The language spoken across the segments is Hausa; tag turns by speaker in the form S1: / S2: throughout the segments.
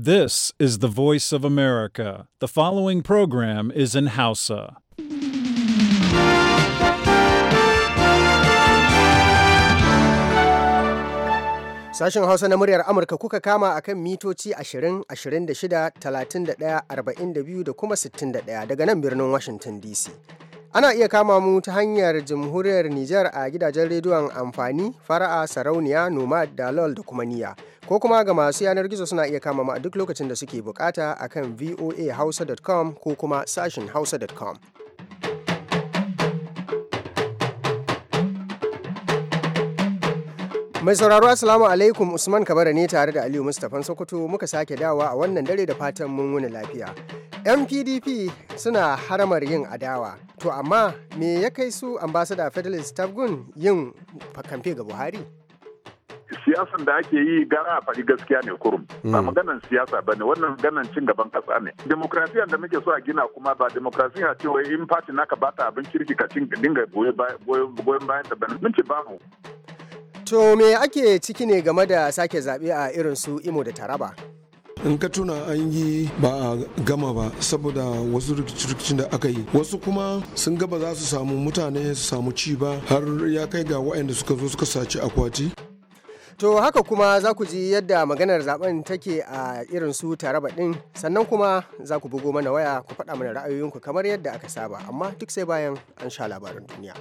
S1: This is the voice of America. The following program is in Hausa.
S2: Sashen Hausa na muryar Amurka kuka kama akan mitoci 20, 26, 31, 42 da kuma 61 daga nan birnin Washington DC. Ana iya kama mu ta hanyar jamhuriyar Nijar a gidajen rediyon amfani, fara'a, sarauniya, nomad, dalol da kuma niyya. ko kuma ga masu yanar gizo suna iya kama mu a duk lokacin da suke bukata kan voahausa.com ko kuma sashin hausa.com. Mai sauraro Assalamu alaikum Usman Kabara ne tare da Aliyu Mustapha Sokoto muka sake dawa a wannan dare da fatan mun wuni lafiya. MPDP suna haramar yin adawa, to amma me ya kai su ambasada Federalist Tabgun yin kamfe ga Buhari?
S1: siyasan da ake yi gara a faɗi gaskiya ne kurum ba hmm. maganan siyasa ba ne wannan ganan cin gaban ƙasa ne demokrasiyan da muke so a gina kuma ba demokrasiya ce wai in fati naka bata abin kirki ka cin dinga goyon bayan ta bane mun ce babu
S2: to me ake ciki ne game da sake zaɓe a irin su imo da taraba
S3: in ka tuna an yi ba a gama ba saboda wasu rikicin da aka yi wasu kuma sun gaba za su samu mutane su samu ci ba har ya kai ga waɗanda suka zo suka saci akwati
S2: To haka kuma za ku ji yadda maganar zaben take a irin su taraba ɗin sannan kuma za ku bugo mana waya ku faɗa mana ra'ayoyinku kamar yadda aka saba amma duk sai bayan an sha labarin duniya.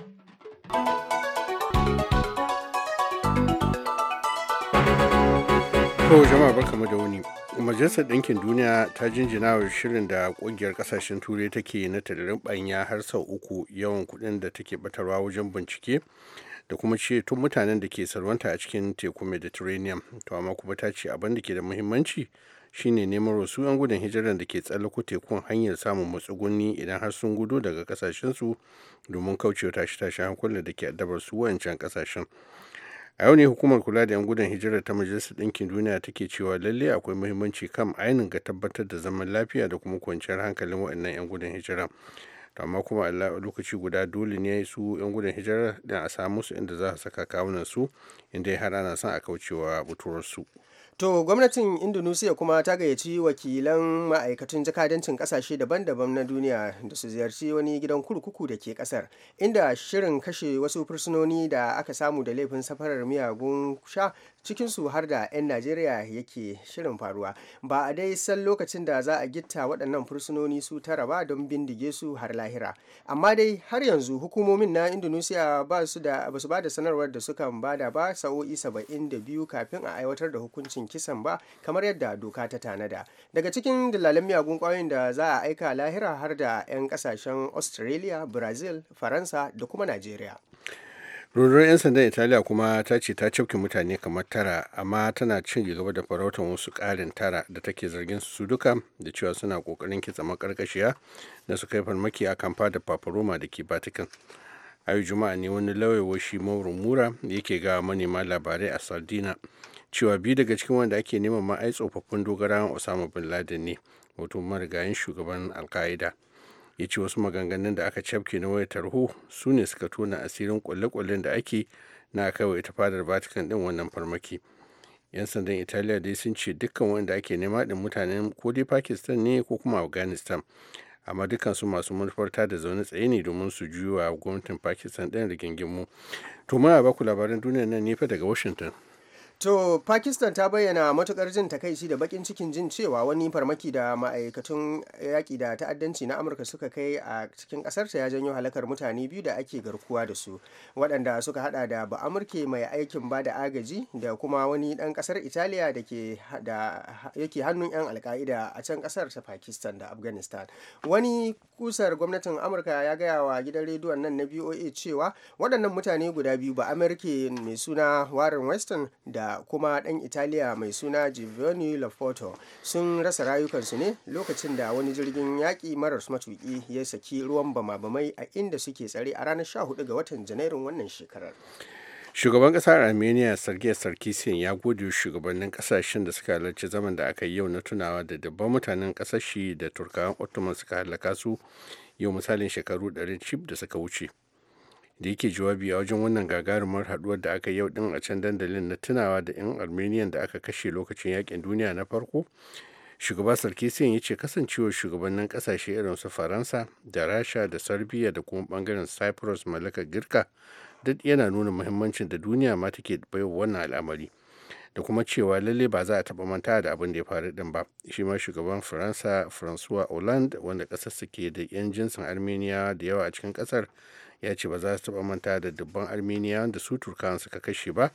S4: To jama'a barkamu da wuni. Majalisar Ɗinkin Duniya ta jinjina wa shirin da ƙungiyar ƙasashen Turai take na tararin banya har sau uku yawan kuɗin da take batarwa wajen bincike da kuma ceto mutanen da ke salwanta a cikin teku mediterranean to amma kuma ta ce abin da ke da muhimmanci shine neman wasu 'yan gudun hijirar da ke tsallako tekun hanyar samun matsuguni idan har sun gudu daga kasashensu domin kaucewa tashe-tashen hankulan da ke addabar su wancan kasashen a yau ne hukumar kula da 'yan gudun hijirar ta majalisar ɗinkin duniya take cewa lalle akwai muhimmanci kan ainin ga tabbatar da zaman lafiya da kuma kwanciyar hankalin waɗannan 'yan gudun hijirar. amma kuma a lokaci guda dole ne su 'yan gudun hijirar da a samu su inda za su saka kawunan su inda ya hada na son a kaucewa su
S2: To gwamnatin Indonesia kuma ta gayyaci wakilan ma'aikatan jakadancin kasashe daban-daban na duniya da su ziyarci wani gidan kurkuku da ke kasar inda shirin kashe wasu fursunoni da aka samu da laifin safarar miyagun sha cikinsu har da 'yan najeriya yake shirin faruwa ba a dai san lokacin da za a gitta waɗannan fursunoni su tara ba don bindige su har lahira amma dai har yanzu hukumomin na indonesia ba su da ba su ba da sanarwar da ba da ba sa'o'i 72 kafin a aiwatar da hukuncin kisan ba kamar yadda doka ta tanada daga cikin dalalan miyagun kwayoyin da za a aika lahira har da 'yan kasashen australia brazil faransa da kuma najeriya
S4: rundunar 'yan sandan italiya kuma ta ce ta cafke mutane kamar tara amma tana cin gaba da farautar wasu karin tara da take zargin su duka da cewa suna ƙoƙarin kitsa makarkashiya da su kai farmaki a kamfa da paparoma da ke batikan a yi juma'a ne wani lauyewa shi maurin mura yake ga manema labarai a sardina cewa biyu daga cikin wanda ake neman ma'ai tsofaffin dogarawan osama bin laden ne hoton marigayin shugaban alka'ida ya ce wasu maganganun da aka cafke na wayar tarho su ne suka tona asirin kwalle-kwallen da ake na kawai ta fadar vatican din wannan farmaki yan sandan italiya dai sun ce dukkan wanda ake nema din mutanen ko dai pakistan ne ko kuma afghanistan amma dukansu masu manufarta da zaune tsaye ne domin su juya gwamnatin pakistan din rigingimu to muna baku labaran duniya nan ne fa daga washington
S2: To Pakistan ta bayyana matukar jin takaici da bakin cikin jin cewa wani farmaki da ma'aikatun yaƙi da ta'addanci na Amurka suka kai a cikin ƙasarta ya janyo halakar mutane biyu da ake garkuwa da su waɗanda suka hada da ba Amurke mai aikin ba da agaji da kuma wani ɗan ƙasar Italiya da ke da yake hannun 'yan alka'ida a can ƙasar ta Pakistan da Afghanistan. Wani kusar gwamnatin Amurka ya gaya wa gidan rediyon nan na BOA cewa waɗannan mutane guda biyu ba Amurke mai suna Warren Weston da kuma ɗan italiya mai suna giovanni lafoto sun rasa rayukansu ne lokacin da wani jirgin yaƙi marar matuki ya saki ruwan bama-bamai a inda suke tsare a ranar 14 ga watan janairun wannan shekarar
S4: shugaban kasar armenia sergei sarkisian ya gode shugabannin kasashen da suka halarci zaman da aka yi yau na tunawa da dabban mutanen ƙasashe da turkawan ottoman suka halaka su yau misalin shekaru 100 da suka wuce da yake jawabi a wajen wannan gagarumar haduwar da aka yau din a can dandalin na tunawa da 'yan armenian da aka kashe lokacin yakin duniya na farko shugaba sarkisiyan ya ce kasancewar shugabannin kasashe irin su faransa da rasha da serbia da kuma bangaren cyprus mallakar girka duk yana nuna muhimmancin da duniya ma take baiwa wannan al'amari da kuma cewa lalle ba za a taba manta da abin da ya faru din ba shi ma shugaban faransa francois hollande wanda kasar suke da yan jinsin armenia da yawa a cikin kasar ya ce ba za su taɓa manta da dubban armenia da su turkan suka kashe ba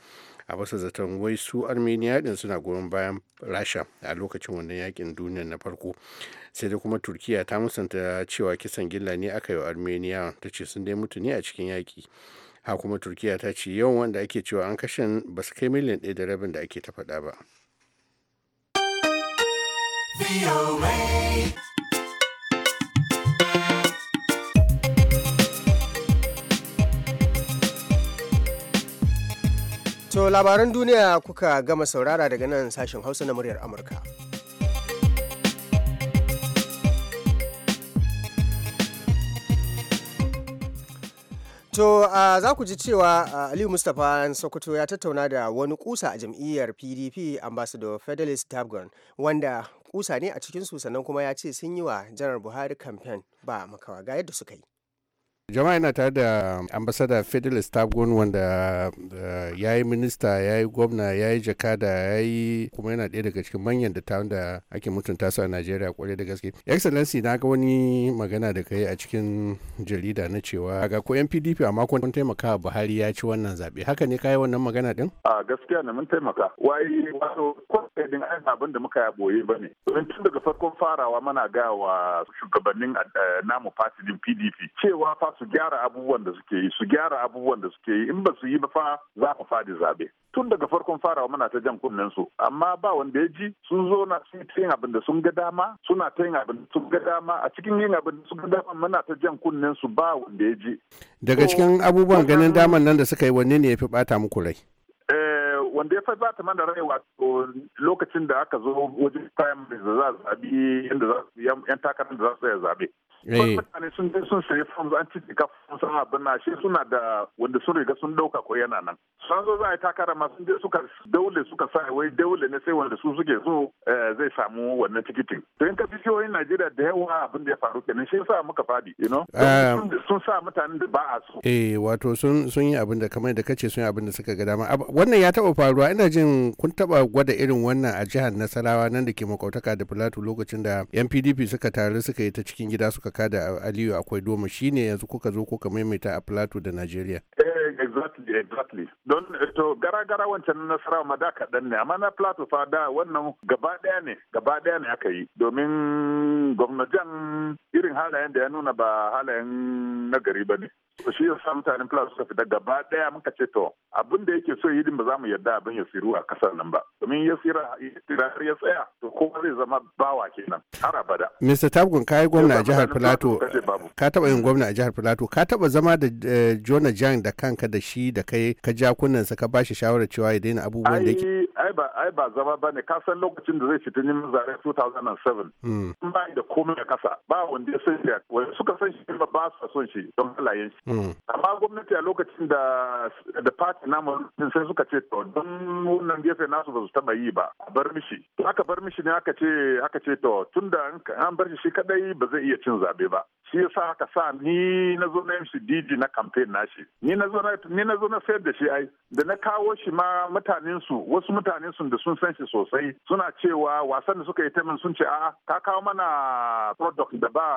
S4: a basa zaton wai su armeniya din suna goyon bayan rasha a lokacin wannan yakin duniya na farko sai da kuma turkiya ta musanta cewa kisan gilla ne aka yi wa armeniya ta ce sun dai mutu ne a cikin yaki ha kuma turkiya ta ce yawan wanda ake cewa an kashe ba su kai miliyan ɗaya da rabin da ake ta faɗa ba
S2: To labaran duniya kuka gama saurara daga nan sashen Hausa na muryar Amurka. To uh, za ku ji cewa uh, Aliyu Mustapha Sokoto ya tattauna da wani kusa a jam'iyyar PDP Ambassador Federalist Tabgon wanda kusa ne a cikinsu sannan kuma ya ce sun yi wa Janar Buhari kamfen ba makawa ga yadda suka yi.
S4: jama'a yana tare da ambasada fidelis tagon wanda eh, ya yi minista ya yi gwamna ya yi jakada ya yi kuma yana ɗaya daga cikin manyan da ta da ake mutunta su a najeriya kwarai da gaske excellency na ga wani magana da kai a cikin jarida na cewa ga ko yan pdp a makon taimaka buhari ya ci wannan zaɓe haka ne kayi wannan magana din
S1: a gaskiya na mun taimaka wai wato kwaɗin ainihin abin da muka boye ba ne domin tun daga farkon farawa mana gaya wa shugabannin eh, namu fasidin pdp cewa su gyara abubuwan da suke yi su gyara abubuwan da suke yi in ba su yi ba fa za mu fadi zabe tun daga farkon farawa muna ta jan kunnen su amma ba wanda ya ji sun zo na su ta yin abin da sun ga dama suna ta yin abin da sun ga dama a cikin yin abin da sun ga dama muna ta jan kunnen su ba wanda ya ji daga
S4: cikin abubuwan ganin daman nan da suka yi wanne ne ya fi bata muku rai
S1: eh, wanda ya fi bata mana rai wato lokacin da aka zo wajen primary da za a zabi yadda yan takarar da za su zabe
S4: Eh. mutane
S1: sun je sun sayi forms an ci kafin sun abin na shi suna da wanda sun riga sun dauka ko yana nan sun zo za a yi takara ma sun je suka daule suka sa wai daule ne sai wanda su suke so eh, zai samu wannan tikitin to in ka fi jihohin Najeriya da yawa abin da ya faru kenan shi sa
S4: muka fadi you know eh. sun sa mutanen da ba a so eh wato sun sun yi abin da kamar da kace sun yi abin da suka ga dama wannan ya taba faruwa ina jin kun taba gwada irin wannan a jihar Nasarawa nan da ke makautaka da Filato lokacin da NPDP suka taru suka yi ta cikin gida suka kada da aliyu akwai doma shine yanzu kuka zo kuka maimaita a plateau da nigeria
S1: eh, exactly exactly don eh, to gara gara wancan nasara ma da kaɗan ne amma na plato fa da wannan gaba ɗaya ne gaba ɗaya ne aka yi
S4: domin
S1: gwamnatin irin halayen da ya nuna ba halayen nagari ba ne to shi yasa mutanen plato suka fita gaba daya muka ce to abin da yake so yidin ba za mu yarda abin ya siru
S4: a kasar nan ba
S1: domin ya sira har ya tsaya to kowa zai zama bawa kenan har abada
S4: Mr. Tabgun ka yi gwamna a jihar Plateau ka taba yin gwamna a jihar Plateau ka taba zama da eh, Jonah Jang da kan kanka da shi da kai ka ja kunnensa ka bashi shawarar cewa ya daina abubuwan da yake
S1: ai ba ai ba zama bane ka san lokacin da zai fita neman zare 2007 hmm. in bai da komai a kasa ba wanda ya san ya wai suka san shi ba ba su son shi don halayen shi hmm. amma gwamnati a lokacin da da party namu sai suka ce to don wannan gefe nasu ba su taba yi ba a bar mishi aka bar mishi ne aka ce aka ce to tunda an bar shi kadai ba zai iya cin zaɓe ba shi yasa haka sa ni na zo na mcd na campaign nashi ni na zo ni na zo na sayar da shi ai da na kawo shi ma mutanen su wasu mutanen su da sun san shi sosai suna cewa wasan da suka yi ta min sun ce a'a ka kawo mana product da ba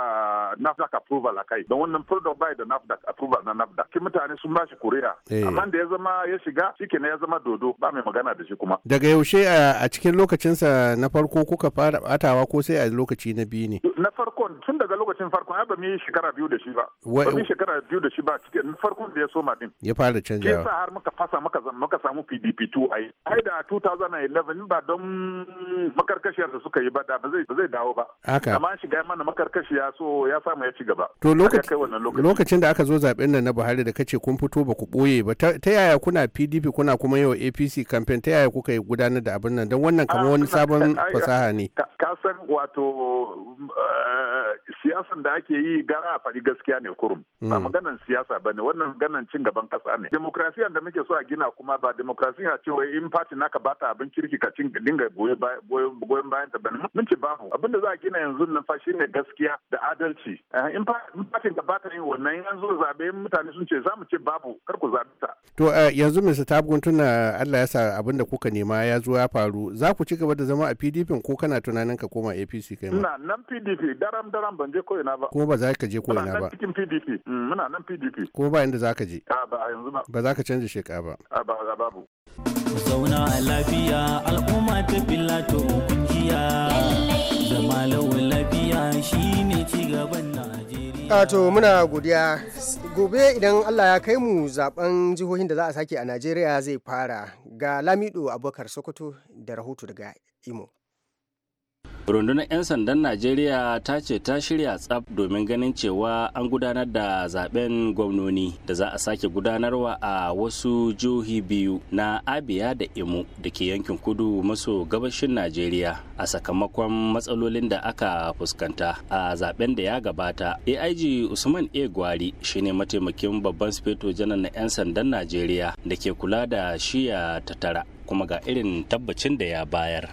S1: NAFDAC approval a kai don wannan product bai da nafdak approval na NAFDAC ki mutane sun ba shi kuriya eh. amma da ya zama ya shiga shike ne ya zama dodo ba mai magana da shi
S4: kuma daga yaushe a cikin lokacin sa na farko kuka fara batawa ko sai a lokaci na biyu ne
S1: na farkon tun daga lokacin farkon ai ba yi shekara biyu da shi ba ba mu shekara biyu da shi ba cikin farkon da ya ma din
S4: ya fara canjawa sa
S1: har muka fasa muka muka samu PDP 2 ai ai da 2011 ba don makarkashiyar da suka yi ba da ba zai ba zai dawo ba haka amma shiga mana makarkashiya so ya samu ya ci gaba to
S4: lokacin da aka zo zaben nan na Buhari da kace kun fito ba ku boye ba ta yaya kuna PDP kuna kuma yau APC campaign ta yaya kuka yi gudanar da abin nan don wannan ah, kamar wani sabon fasaha ne ka san wato
S1: eh, siyasan da ake yi yi gara a faɗi gaskiya ne kurum ba hmm. maganan siyasa ba ne wannan ganan cin gaban kasa ne demokrasiyan da muke so a gina kuma ba demokrasiya ce wai in party naka bata abin kirki ka cin dinga goyon bayan ta bane mun ci babu abin da za a gina yanzu nan fa shine gaskiya da adalci eh, in party da bata yin wannan zo zabe mutane sun ce za mu ce babu kar
S4: ku zabe ta to eh, yanzu Mr. Tabgun tuna Allah ya sa abin da kuka nema ya zo ya faru za ku ci gaba da zama a PDP ko kana tunanin ka koma APC kai ma nan
S1: PDP daram daram ban je ko ina ba
S4: za ka je ko ina ba
S1: cikin pdp mm, muna nan pdp
S4: ko ba inda za ka je ah, ba za ka canza sheka ba ah, zauna
S5: lafiya al'umma ta filato kungiya zama lawan lafiya shi shine cigaban najeriya
S2: ah, to muna godiya gobe idan allah ya kai mu zaben jihohin da za a sake a najeriya zai fara ga lamido abubakar sokoto da rahoto daga imo
S5: rundunar 'yan sandan najeriya ta ce ta shirya tsaf domin ganin cewa an gudanar da zaben gwamnoni da za a sake gudanarwa a wasu jihohi biyu na abia da imo da ke yankin kudu maso gabashin najeriya a sakamakon matsalolin da aka fuskanta a zaben da ya gabata aig usman a gwari shine mataimakin babban sufeto janar na 'yan sandan najeriya da ke kula da shiya ta tara kuma ga irin tabbacin da ya bayar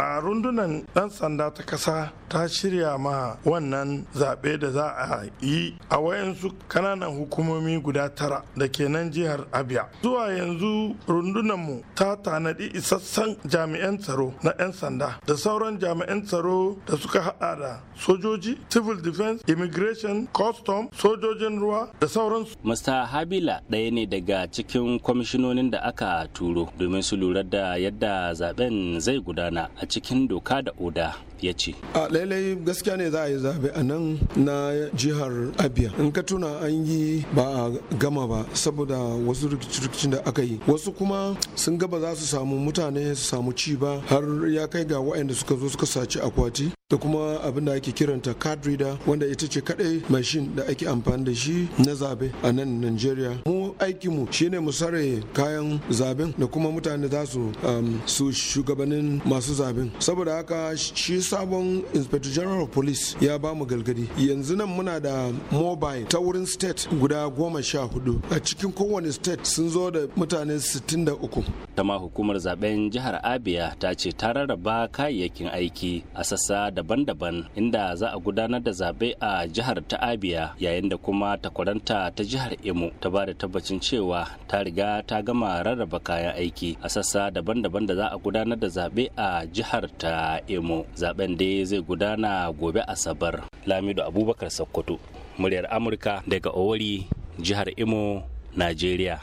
S3: a rundunan 'yan sanda ta ƙasa ta shirya ma wannan zaɓe da za a yi a wayansu kananan hukumomi guda tara da ke nan jihar abia zuwa yanzu rundunanmu ta tanadi isassan jami'an tsaro na 'yan sanda da sauran jami'an tsaro da suka hada da sojoji civil defense immigration custom sojojin ruwa da sauransu
S5: mr habila ɗaya ne daga cikin kwamishinonin da aka turo domin su lura da yadda zaben zai gudana a cikin doka da oda ya ce
S3: a lailai gaskiya ne za a yi zabe a nan na jihar abia in ka tuna an yi ba a gama ba saboda wasu rikici-rikicin da aka yi wasu kuma sun gaba za su samu mutane su samu ci ba har ya kai ga waɗanda suka zo suka saci akwati da kuma abin da ake kiranta card reader wanda ita ce kadai mashin da ake amfani da shi na zabe a nan Najeriya. Mu mu shine mu sare kayan zaben da kuma mutane za su um, su shugabannin masu zaben. Saboda haka shi sabon inspector general of police ya ba mu galgadi yanzu nan muna da mobile ta wurin state guda goma sha hudu a cikin kowane state sun zo da mutane 63
S5: tama hukumar zaben jihar abia ta ce ta rarraba kayayyakin aiki a sassa daban-daban inda za a gudanar da zabe a jihar ta abia yayin da kuma takwaranta ta jihar imo ta ba da tabbacin cewa ta riga ta gama rarraba kayan aiki a sassa daban-daban da za a gudanar da zabe a jihar ta imo zaben da zai gudana gobe asabar lamido abubakar sokoto muryar amurka daga owari jihar imo nigeria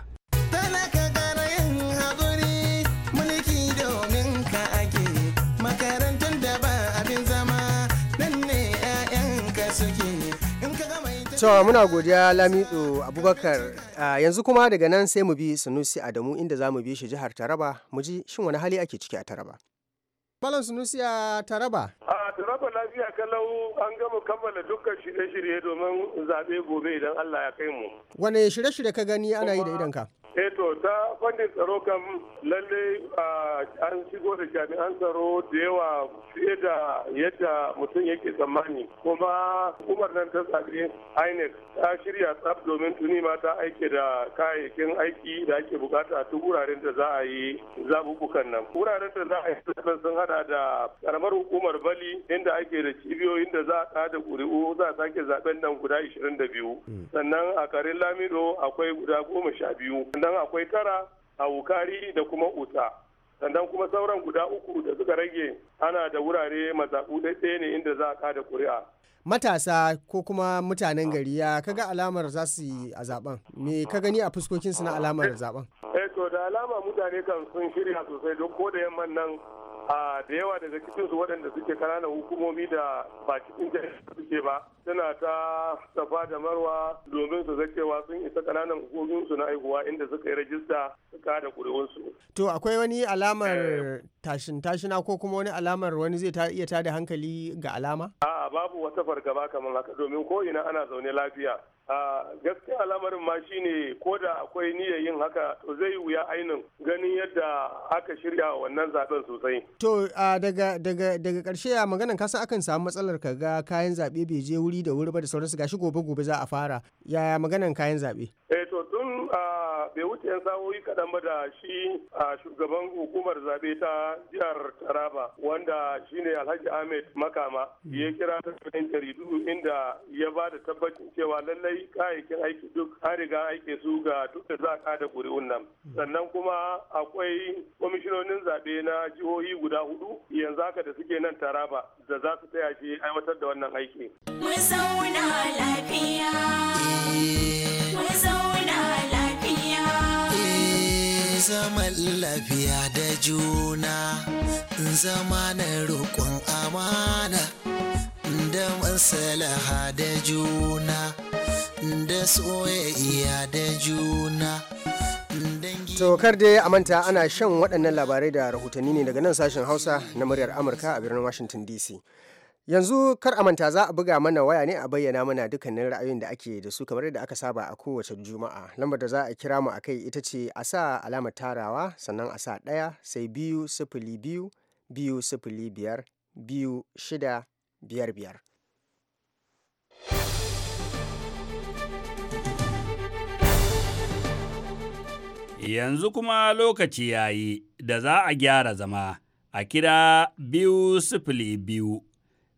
S2: To muna godiya Lamido Abubakar yanzu kuma daga nan sai mu bi Sanusi Adamu inda za mu bi shi jihar Taraba mu ji shin wani hali ake ciki a Taraba. Malam
S1: Sunusiya
S2: Taraba.
S6: A Taraba lafiya kalau an gama kammala dukkan shirye-shirye domin zaɓe gobe idan Allah ya kai mu.
S2: Wane shirye-shirye ka gani ana yi da ka.
S6: eto eh, ta fannin tsaro kan lalle an shigo da jami'an tsaro da yawa fiye da yadda mutum yake tsammani kuma hukumar nan ta zaɓe inec ta shirya tsaf domin tuni ma ta aike da kayayyakin aiki da ake bukata ta wuraren da za a yi zaɓuɓɓukan nan wuraren da za a yi sun hada da karamar hukumar bali inda ake da cibiyoyin da za a da ƙuri'u za a sake zaben nan guda 22 hmm. sannan a karin lamido akwai guda goma sha biyu sannan akwai tara a wukari da kuma usa sannan kuma sauran guda uku da suka rage ana da wurare mazaɓu ɗaya ne inda za a kada kuri'a
S2: matasa ko kuma mutanen gari ya kaga alamar za su yi a zaben me ka gani a fuskokinsu na alamar zaben eh
S6: to da alama mutane kan sun shirya sosai don ko da yamman nan da yawa daga cikin su waɗanda suke kananan hukumomi da ba cikin jami'a suke ba suna ta safa da marwa domin su wa sun isa kananan hukumomin su na aihuwa inda suka yi rajista suka da ƙuri'unsu.
S2: To akwai wani alamar eh. tashin tashina ko kuma wani alamar wani zai iya tada hankali ga alama?
S6: A'a babu wata fargaba kamar haka domin ko ina ana zaune lafiya. gaskiya al'amarin ma shi ne ko da akwai niyyar yin haka to zai wuya ainin ganin yadda aka shirya wannan zaben sosai.
S2: To daga daga daga karshe a maganan kasa akan samu matsalar ka ga kayan zaɓe bai je wuri da wuri ba da sauransu gashi gobe gobe za a fara yaya maganan kayan zaɓe.
S6: Eh, bai wuce yan sa'o'i kaɗan ba da shi a shugaban hukumar zaɓe ta jihar taraba wanda shine alhaji ahmed makama ya kira ta tattalin jaridu inda ya ba da tabbacin cewa lallai kayayyakin aiki duk an riga aike su ga duk da za a kada ƙuri'un nan sannan kuma akwai kwamishinonin zaɓe na jihohi guda hudu yanzu haka da suke nan taraba da za su taya shi aiwatar da wannan aiki. Mun lafiya.
S5: zaman lafiya da juna zama na roƙon amana da masalaha da juna da soyayya da
S2: juna To kar dai a manta ana shan waɗannan labarai da rahotanni ne daga nan sashen hausa na muryar amurka a birnin washington dc yanzu kar a manta za a buga mana waya ne a bayyana mana dukkanin ra'ayoyin da ake da su kamar yadda aka saba a kowace juma'a lambar da za a kira mu akai ita ce a sa alamar tarawa sannan a sa ɗaya sai biyu sifili biyu biyu sifili biyar biyu shida biyar biyar
S5: yanzu kuma lokaci ya yi da za a gyara zama a kira biyu sifili biyu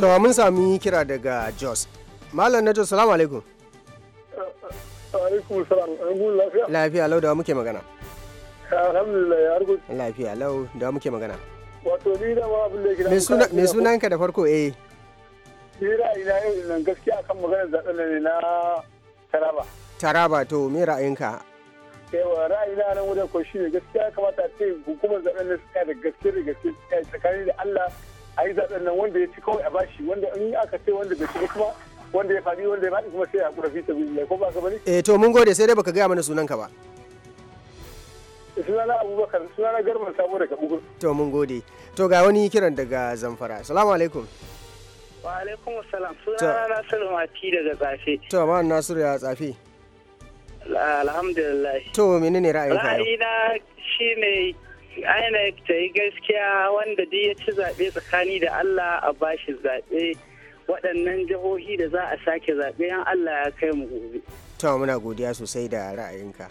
S2: to mun sami kira daga jos malam na jos salamu alaikum lafiya lafiya lau da muke magana alhamdulillah ya harko lafiya lau da muke magana
S7: wato ni da abin da yake me sunanka da farko eh ni ina yau nan gaskiya kan maganar zaɓen ne na taraba
S2: taraba to me ka
S7: yawa na nan wajen ko shine gaskiya kamata a ce hukumar zaɓen ne suka da gaske da gaske tsakanin da Allah a yi zaɓen nan wanda ya ci kawai a bashi wanda in aka ce wanda bai ci kuma wanda ya faɗi wanda ya faɗi kuma sai a kura biyu sabilillah ko ba ka bane
S2: eh to mun gode sai dai baka gaya mana sunan ka ba
S7: eh, sunana abubakar sunana garman sabo daga bugun
S2: to mun gode to ga wani kiran daga zamfara Salamu alaikum
S7: wa alaikum salam sunana nasiru mati daga tsafe
S2: to ma nasiru ya tsafe
S7: alhamdulillah to
S2: menene ra'ayin ka
S7: ra'ayina shine INEC ta yi gaskiya wanda duk ya ci zaɓe tsakani da Allah a bashi zaɓe waɗannan jihohi da za a sake zaɓe yan Allah ya kai mu gobe.
S2: To muna godiya sosai da ra'ayinka.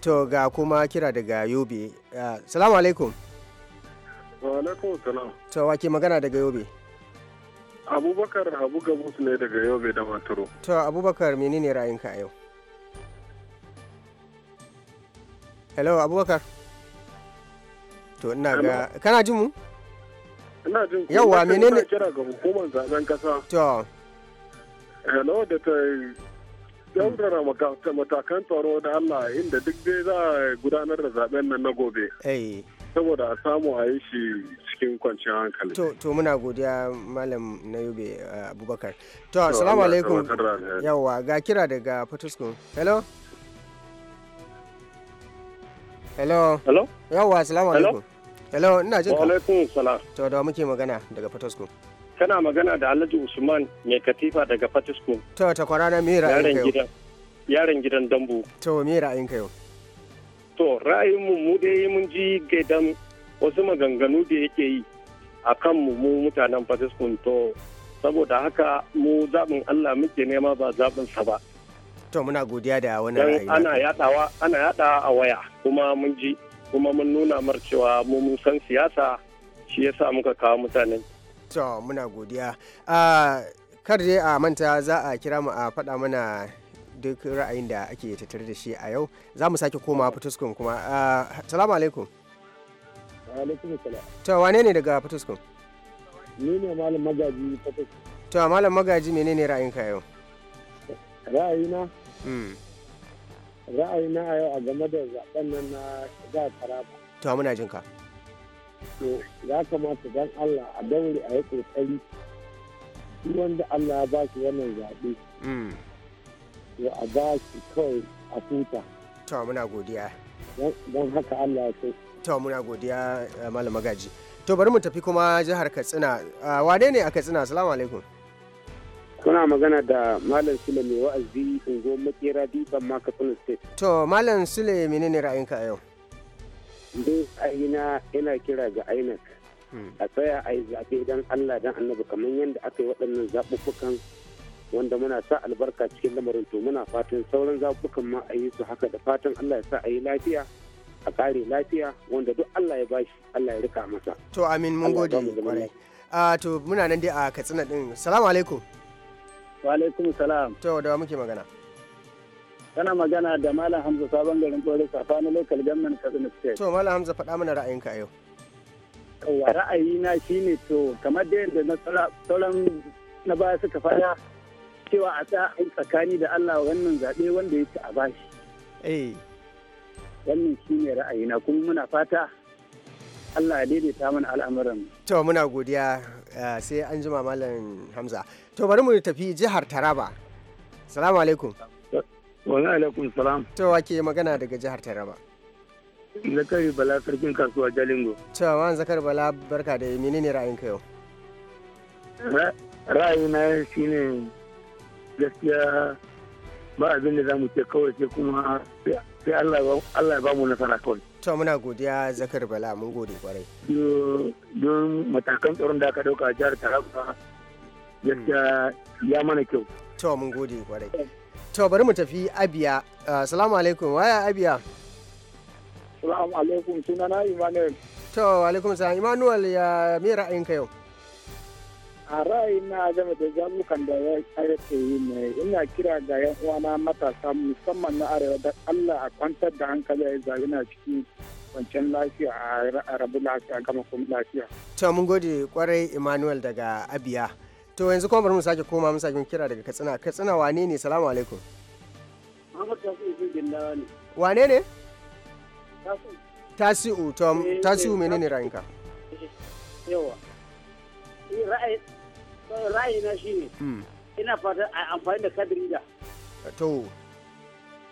S2: To ga kuma kira daga Yobe. Ah, salamu alaikum.
S7: Wa alaikum salam.
S2: To wake magana daga Yobe.
S7: Abubakar Abu Gabus ne daga Yobe da Maturo.
S2: To Abubakar menene ra'ayinka a yau? Hello Abubakar. to ina ga kana jin mu
S7: ina jin ku yawa menene kira ga hukumar zaben kasa to hello da ta yaudara matakan tsaro da Allah inda duk dai za a gudanar da zaben nan na gobe saboda a samu a yi shi cikin kwanciyar hankali. To,
S2: to muna godiya Malam na yube uh, Abubakar. To, assalamu alaikum. Yawwa ga kira daga Fatuskun. Hello? Hello? Hello? Yawwa, salamu alaikum. hello ina jin ka alaikum salam to da muke magana daga fatosko
S7: kana magana da Alhaji Usman mai katifa
S6: daga fatosko
S2: to ta kwarana me ra'ayin ka gidan
S6: yaron gidan Dambu
S2: to me ra'ayin ka
S4: yau
S6: to ra'ayin mu mu dai mun ji gaidan wasu maganganu da yake yi akan mu mu mutanen fatosko to saboda haka mu
S7: zaɓin Allah muke nema ba zaɓin sa ba.
S2: To muna godiya da wani ra'ayi. Ana
S7: yaɗawa ana yaɗa a waya kuma mun ji kuma mun nuna mar cewa mu mun san siyasa shi yasa muka kawo mutanen
S2: to muna godiya kar dai a manta za a kira mu a faɗa mana duk ra'ayin da ake tattare da shi a yau za mu sake koma fituskun kuma salamu alaikum to wane ne daga fituskun
S7: ni ne malam magaji fituskun
S2: to malam magaji menene ra'ayinka yau ra'ayina hmm.
S7: ra'ayi na a yau a game da zaben nan na shiga taraba. To muna jin To ya kamata dan Allah a daure a yi kokari wanda Allah ya ba shi wannan zaɓe. Mm. To a ba shi kawai a tuta.
S2: To muna godiya. Don haka Allah ya To muna godiya eh, Malam Magaji. To bari mu tafi kuma jihar Katsina. Ah, wane ne a Katsina? Assalamu alaikum.
S7: suna magana da Malam Sule mai wa'azi ungo makera diban ma Katsina State.
S2: To Malam Sule ne ra'ayinka a yau?
S7: Dai na yana kira ga INEC. Hmm. A tsaya a yi zaɓe don Allah don annabi kamar yadda aka yi waɗannan zaɓuɓɓukan wanda muna sa albarka cikin lamarin to muna fatan sauran zaɓuɓɓukan ma a yi su haka da fatan Allah ya sa a yi lafiya. a kare lafiya wanda duk Allah ya bashi Allah ya rika masa.
S2: To amin mun gode kwarai. A ah, to muna nan dai a Katsina ɗin Salamu alaikum. Wa alaikum salam. To da muke magana. Kana magana da Malam Hamza sabon
S7: garin Bore Safa na local government Katsina State.
S2: To Malam Hamza faɗa mana ra'ayinka a yau.
S7: na ra'ayina shine to kamar da yadda na sauran na baya suka faɗa cewa a tsaya tsakani da Allah wannan zaɓe wanda ya ci a bashi. Eh. Wannan shine ra'ayina kuma muna fata Allah ya daidaita mana al'amuran.
S2: To muna godiya eh, sai an jima Malam Hamza. To bari mu tafi jihar Taraba. Salamu alaikum. Wa alaikum salam. To wake magana daga jihar Taraba.
S7: Zakari Bala sarkin kasuwa Jalingo.
S2: To ma Zakari Bala barka da menene ra'ayinka yau?
S7: Ra'ayina shine gaskiya ba abin da za mu ce kawai sai kuma sai Allah ya ba mu nasara kawai.
S2: to muna godiya zakar bala mun gode kwarai
S7: don matakan tsaron da aka dauka a jihar taraba yadda ya mana kyau to mun gode kwarai
S2: to bari mu tafi abiya assalamu ah, alaikum waya abiya
S7: assalamu alaikum sunana imanuel
S2: to alaikum salam imanuel ya mera ra'ayinka yau
S7: a ra'ayina game da zabukan da ya ke yi ne ina kira ga yan uwana matasa musamman na arewa da allah a kwantar da hankali ya zabi na cikin kwanciyar lafiya a rabu lafiya gama kuma lafiya.
S2: to mun gode kwarai emmanuel daga abia to yanzu kuma bari mu sake koma mu sake kira daga katsina katsina wane ne salamu alaikum. wane ne? tasi'u tasi'u eh, eh, menene ra'ayinka?
S7: yawa ra'ayi na shi ne ina fata a amfani da kadirida to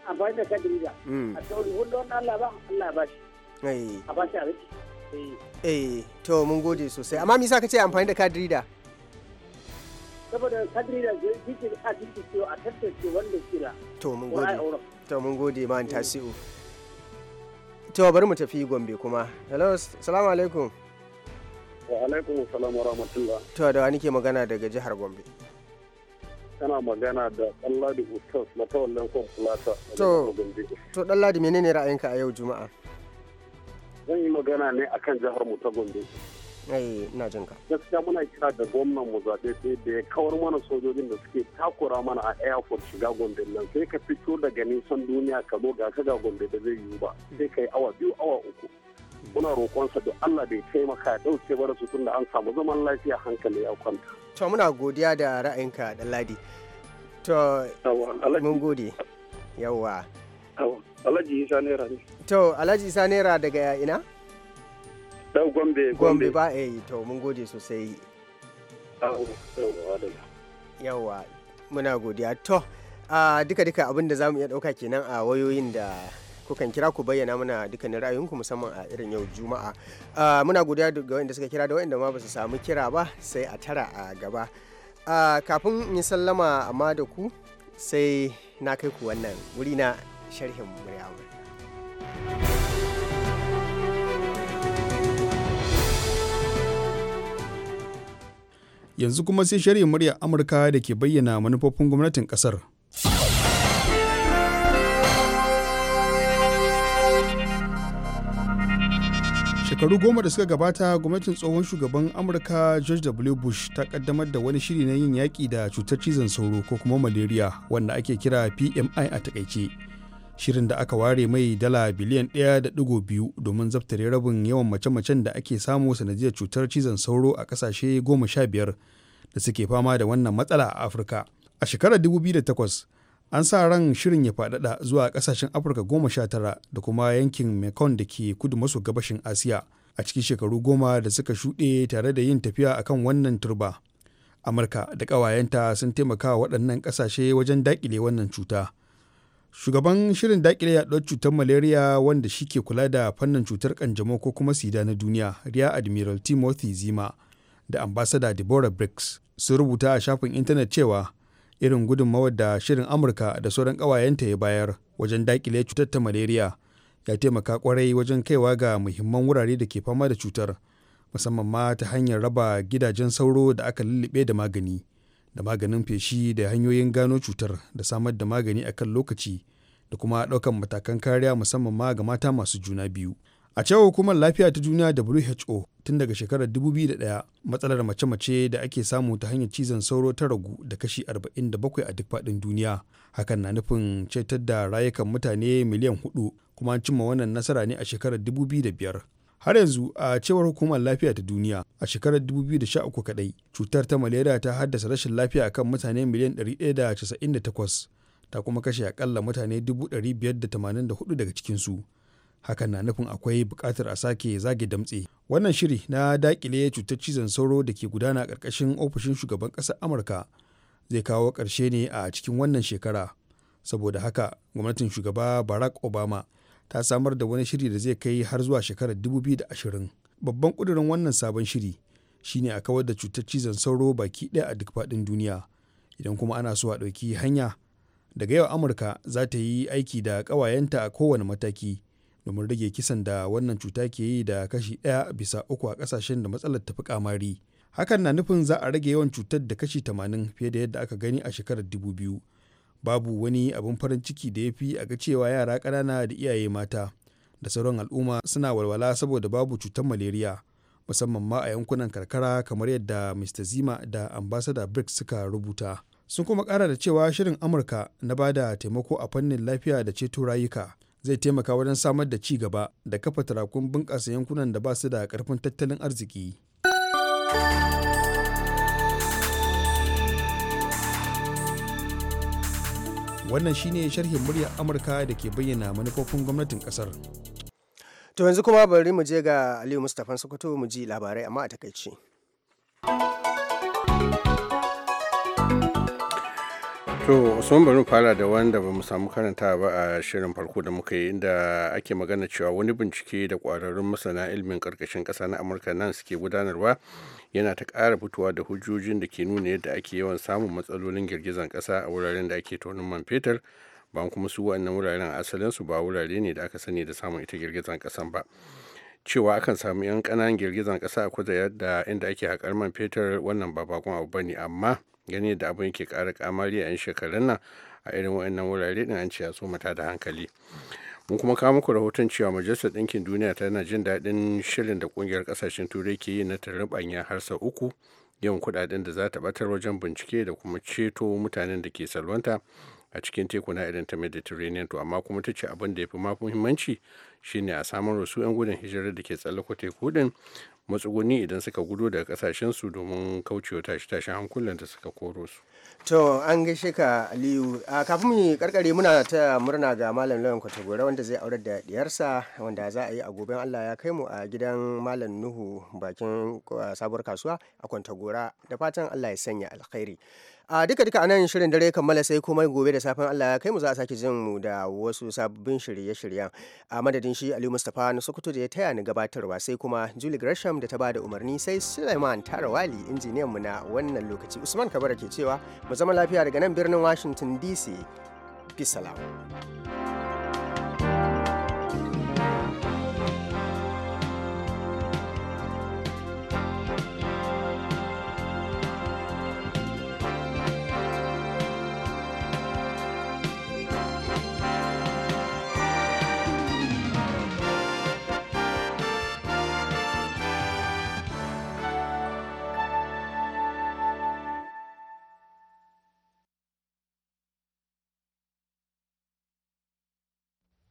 S7: amfani da da
S2: hmm. a sauri
S7: hudu wani Allah ba Allah ba
S2: shi a
S7: ba shi a
S2: eh to mun gode sosai amma me yasa kace amfani da da
S7: saboda da zai fice a cikin a tattace wanda da
S2: to mun gode to mun gode ma hmm. tasi'u to bari mu tafi gombe kuma hello salamu alaikum
S7: Wa alaikum salam wa rahmatullah.
S2: To da wani ke magana daga jihar Gombe.
S7: Kana magana da Ɗanladi Ustaz na tawallan kwan Fulata. To,
S2: to Ɗanladi menene ra'ayinka a yau Juma'a?
S7: Zan yi magana ne akan jihar mu ta Gombe.
S2: ayi eh, ina jin ka.
S7: Gaskiya muna kira da gwamnan mu zaɓe sai da ya kawar mana sojojin da suke takura mana a airport shiga Gombe nan sai ka fito daga nisan duniya ka zo ga ka ga Gombe da zai yiwu ba sai ka yi awa biyu awa uku. muna roƙonsa da Allah bai taimaka ya ɗauke bara su tun da an samu zaman lafiya hankali ya kwanta.
S2: To muna godiya da ra'ayinka da Ladi. To mun gode. Yawwa.
S7: Alhaji Isa Naira ne.
S2: To Alhaji Isa Naira daga ina?
S7: Da Gombe. Gombe ba
S2: eh to mun gode sosai. Yawwa muna godiya to ah, duka-duka abin da za mu iya ɗauka kenan a wayoyin da kukan kira ku bayyana mana dukkanin ra'ayinku musamman a irin yau juma'a ah, muna godiya ga wanda suka kira da wanda ma ba su samu kira ba sai a tara a gaba ah, kafin in sallama amma da ku sai na kai ku wannan wuri na sharhin murya
S8: yanzu kuma sai sharhin murya amurka da ke bayyana manufofin gwamnatin kasar shekaru goma da suka gabata gwamnatin tsohon shugaban amurka george w bush ta kaddamar da wani shiri na yin yaƙi da cutar cizon sauro ko kuma malaria wanda ake kira pmi a takaice shirin da aka ware mai dala biliyan 1.2 domin zaftare rabin yawan mace-macen da ake samu sanadiyar cutar cizon sauro a kasashe goma sha biyar da suke fama da wannan matsala a afirka a shekarar 2008 an sa ran shirin ya faɗaɗa zuwa ƙasashen afirka goma sha tara da kuma yankin mekong da ke kudu maso gabashin asiya a cikin shekaru goma da suka shuɗe tare da yin tafiya akan wannan turba amurka da ƙawayenta sun taimaka waɗannan ƙasashe wajen daƙile wannan cuta shugaban shirin daƙile yaɗuwar cutar malaria wanda shi ke kula da fannin cutar ƙanjamau ko kuma sida na duniya riya admiral timothy zima da ambasada deborah briggs sun rubuta a shafin intanet cewa irin gudunmawar da shirin amurka da sauran ƙawayenta ya bayar wajen daƙile cutar ta malaria ya taimaka kwarai wajen kaiwa ga muhimman wurare da ke fama da cutar musamman ma ta hanyar raba gidajen sauro da aka lullube da magani da maganin feshi da hanyoyin gano cutar da samar da magani akan lokaci da kuma ɗaukan matakan kariya musamman ma ga mata masu juna biyu a cewa hukumar lafiya ta duniya who tun daga shekarar 2001 matsalar mace-mace da ake samu ta hanyar cizon sauro ta ragu da kashi 47 a duk faɗin duniya hakan na nufin cetar da rayukan mutane miliyan 4 kuma an cimma wannan nasara ne a shekarar 2005 har yanzu a cewar hukumar lafiya ta duniya a shekarar 2013 kadai cutar ta malaria ta haddasa rashin lafiya kan mutane miliyan 198 ta kuma kashe akalla mutane 584 daga cikinsu hakan na nufin akwai bukatar a sake zage damtse wannan shiri na dakile cutar cizon sauro da ke gudana ƙarƙashin ofishin shugaban ƙasar amurka zai kawo ƙarshe ne a cikin wannan shekara saboda haka gwamnatin shugaba barack obama ta samar da wani shiri da zai kai har zuwa shekarar 2020 babban ƙudurin wannan sabon shiri shine a kawar da cutar cizon sauro baki ɗaya a duk faɗin duniya idan kuma ana so a ɗauki hanya daga yau amurka za ta yi aiki da ƙawayenta a kowane mataki domin rage kisan da wannan cuta ke yi da kashi ɗaya bisa uku a ƙasashen da matsalar tafi kamari hakan na nufin za a rage yawan cutar da kashi 80 fiye da yadda aka gani a shekarar 2000 babu wani abin farin ciki da ya fi a ga cewa yara ƙanana da iyaye mata da sauran al'umma suna walwala saboda babu cutar maleriya musamman ma a yankunan karkara kamar yadda mr zima da ambassador briggs suka rubuta sun kuma ƙara da cewa shirin amurka na bada taimako a fannin lafiya da ceto rayuka zai taimaka wajen samar da ci gaba da kafa tarakun bunƙasa yankunan da ba su da ƙarfin tattalin arziki. Wannan shine sharhin muryar Amurka da ke bayyana manufofin gwamnatin ƙasar.
S2: To yanzu kuma bari mu je ga Aliyu Mustapha Sokoto mu ji labarai amma a takaice.
S4: To, Usman bari fara da wanda ba mu samu karanta ba a shirin farko da muka yi inda ake magana cewa wani bincike da kwararrun masana ilimin karkashin kasa na Amurka nan suke gudanarwa yana ta ƙara fitowa da hujjojin da ke nuna yadda ake yawan samun matsalolin girgizan kasa a wuraren da ake tonin man fetur ba kuma su wannan wuraren su ba wurare ne da aka sani da samun ita girgizan kasan ba. cewa akan samu 'yan ƙananan girgizan kasa a kudu yadda inda ake haƙar man fetur wannan ba bakon abu ba ne amma gani da abin yake ƙara kamari a 'yan shekarun nan a irin wa'annan wurare din an ce ya so ta da hankali mun kuma kawo muku rahoton cewa majalisar ɗinkin duniya tana jin daɗin shirin da ƙungiyar ƙasashen turai ke yi na tarabanya har sau uku yawan kuɗaɗen da za ta ɓatar wajen bincike da kuma ceto mutanen da ke salwanta a cikin teku na irin ta mediterranean to amma kuma ta ce abin da ya fi ma muhimmanci shine a samar wasu 'yan gudun hijirar da ke tsallako teku din matsuguni idan suka gudu daga su domin kaucewa tashi-tashin hankulan da suka koro su.
S2: To an gaishe ka Aliyu a kafin mu karkare muna ta murna ga Malam Lawan Kwatagora wanda zai aurar da diyarsa wanda za a yi a goben Allah ya kai mu a gidan Malam Nuhu bakin sabuwar kasuwa a kwanta-gora da fatan Allah ya sanya alkhairi. a duka duka anan shirin dare kammala sai kuma gobe da safen Allah ya kai mu za a sake jin mu da wasu sabbin shirye-shiryen a madadin shi Aliyu Mustapha na Sokoto da ya taya ni gabatarwa sai kuma juli Gresham da ta ba da umarni sai Suleiman Tarawali injiniyan mu na wannan lokaci Usman Kabara ke cewa mu zama lafiya daga nan birnin Washington DC. Peace